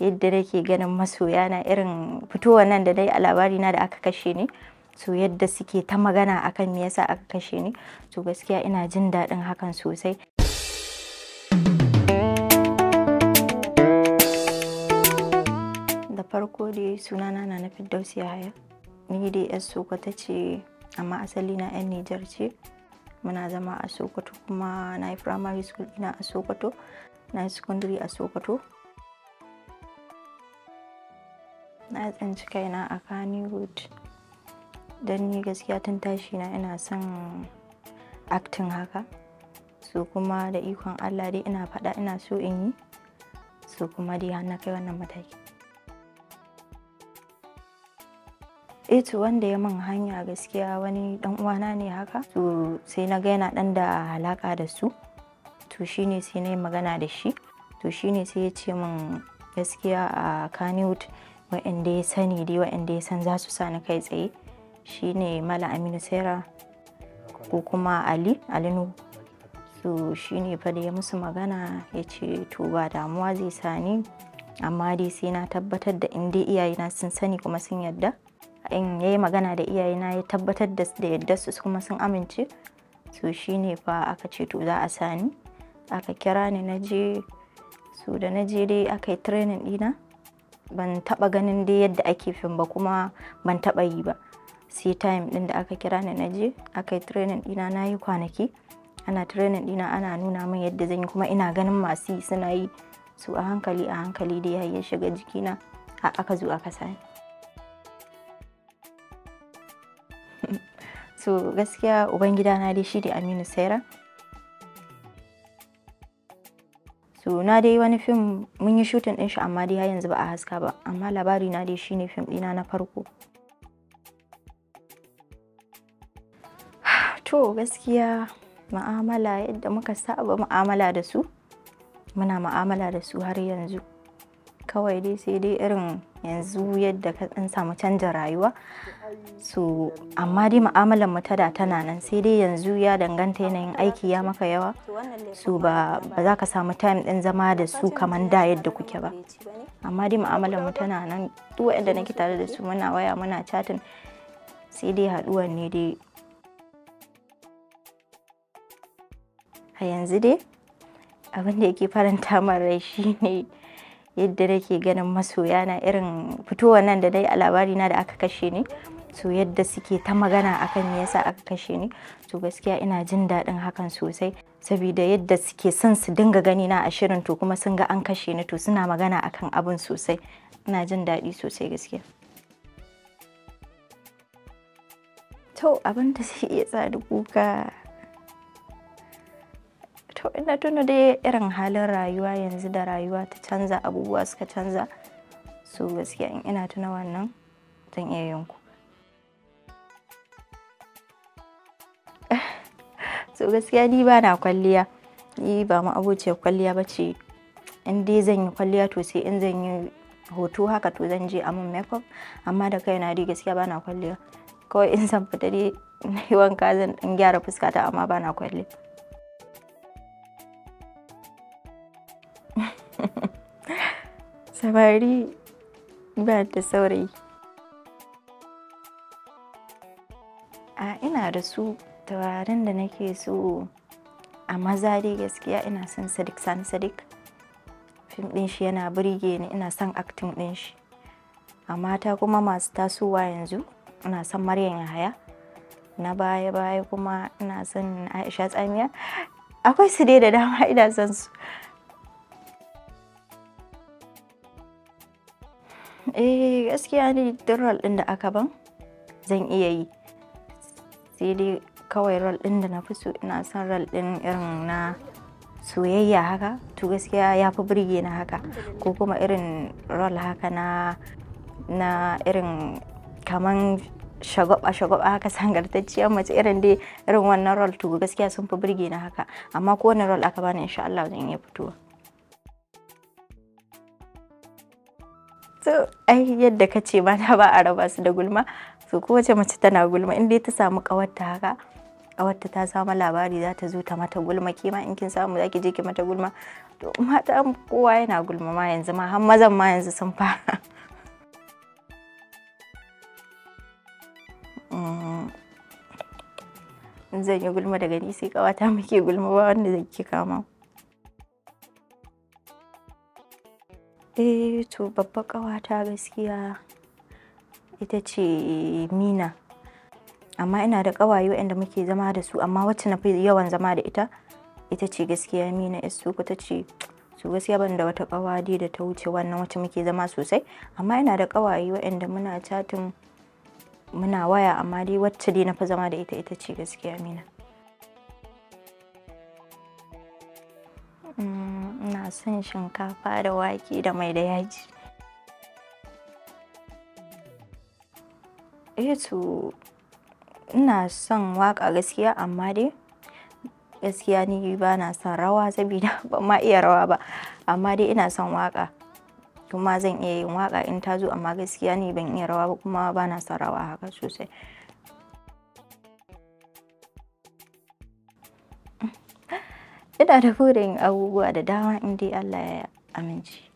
yadda nake ganin masoya na irin fitowar nan da dai a labari na da aka kashe ni so yadda suke ta magana akan me yasa aka kashe ni to gaskiya ina jin daɗin hakan sosai da farko dai sunana na na firdausi haya ni dai yar sokoto ce amma asali na yan nijar ce muna zama a sokoto kuma na yi primary school ina a sokoto na yi secondary a sokoto na tsinci kaina a Kannywood don ni gaskiya tun tashi na ina son acting haka so kuma da ikon Allah dai ina fada ina so in yi so kuma dai har na kai wannan mataki eto eh wanda ya man hanya gaskiya wani dan uwana ne haka to sai na ga yana dan da halaka da su to shine sai na yi magana da shi to shine sai ya ce min gaskiya a Kannywood wa'anda ya sani dai wa'anda ya san za su sa kai tsaye shine mala aminu sera ko kuma ali alinu su shine fa da ya musu magana ya ce to ba damuwa zai sani amma dai sai na tabbatar da in dai iyayena sun sani kuma sun yadda in ya yi magana da iyayena ya tabbatar da yadda su kuma sun amince su shine fa aka ce to za a sani aka kira ni na je su da na je dai aka yi training dina ban taba ganin dai yadda ake fim ba kuma ban taba yi ba sai time din da aka kira ni naje aka yi training dina na yi kwanaki ana training dina ana nuna min yadda zan yi kuma ina ganin masu yi suna yi su a hankali a hankali da ya shiga jikina a aka zo aka sani so gaskiya ubangida na dai shi da aminu saira na dai wani fim mun yi shooting din shi amma dai har yanzu ba a haska ba amma labari na dai shine fim dina na farko to gaskiya ma'amala yadda muka saba ma'amala da su muna ma'amala da su har yanzu kawai dai sai dai irin yanzu yadda ka ɗan samu canjin rayuwa so amma dai ma'amalar mu ta da tana nan sai dai yanzu ya danganta yanayin aiki ya maka yawa so ba za ka samu time ɗin zama da su kamar da yadda kuke ba amma dai ma'amalar mu tana nan duk waɗanda nake tare da su muna waya muna chatin sai dai haɗuwa ne dai a yanzu dai abin da yake faranta min rai shine yadda nake ganin masoya na irin fitowa nan da dai a labari na da aka kashe ni to yadda suke ta magana akan me yasa aka kashe ni to gaskiya ina jin daɗin hakan sosai saboda yadda suke son su dinga gani na a shirin to kuma sun ga an kashe ni to suna magana akan abin sosai ina jin daɗi sosai gaskiya to abin da sai iya kuka to ina tuna dai irin halin rayuwa yanzu da rayuwa ta canza abubuwa suka canza su gaskiya in ina tuna wannan zan iya yanku so gaskiya ni ba na kwalliya ni ba ma abociyar kwalliya ba ce in dai zan yi kwalliya to sai in zan yi hoto haka to zan je a makeup amma da kai na dai gaskiya ba na kwalliya kawai in zan fita dai na yi wanka zan gyara fuskata amma ba na kwalliya Samari ba da saurayi. A ina da su taurarin da nake so a maza dai gaskiya ina son Sadiq Sani Sadiq. Fim ɗin shi yana birge ni ina son acting ɗin shi. A mata kuma masu tasowa yanzu ina son Maryam Yahaya. Na baya-baya kuma ina son Aisha Tsamiya. Akwai su dai da dama ina son su. eh gaskiya ni duk rol din da aka ban zan iya yi sai dai kawai rol din da na fi so ina son rol din irin na soyayya haka to gaskiya ya fi birge na haka ko kuma irin rol haka na na irin kaman shagwaba shagwaba haka sangartacciyar mace irin dai irin wannan rol to gaskiya sun fi birge na haka amma kowane rol aka bani insha Allah zan iya fitowa so ai yadda ka ce mata ba a raba su da gulma so kowace mace tana gulma in dai ta samu kawarta haka kawarta ta samu labari za ta zo ta mata gulma kima in kin samu za ki je ki mata gulma to mata kowa yana gulma ma yanzu ma har mazan ma yanzu sun fara mm. zan yi gulma daga ni sai kawata muke gulma ba wanda zai kama. Eh to babbar ƙawata gaskiya ita ce Mina. Amma ina da ƙawaye waɗanda muke zama da su amma wacce na fi yawan zama da ita ita ce gaskiya Mina Issuku ta ce su gaskiya ban da wata kawa dai da ta wuce wannan wacce muke zama sosai amma ina da kawaye waɗanda muna chatin muna waya amma dai wacce dai na fi zama da ita ita ce gaskiya Mina. Mm, ina son shinkafa da wake da mai da yaji. Eh ina son waƙa gaskiya amma dai gaskiya ni bana son rawa sabida ba ma iya rawa ba amma dai ina son waƙa kuma zan iya yin waƙa in ta zo amma gaskiya ni ban iya rawa ba kuma bana son rawa haka sosai. Ina da burin abubuwa da dama in dai Allah ya aminci.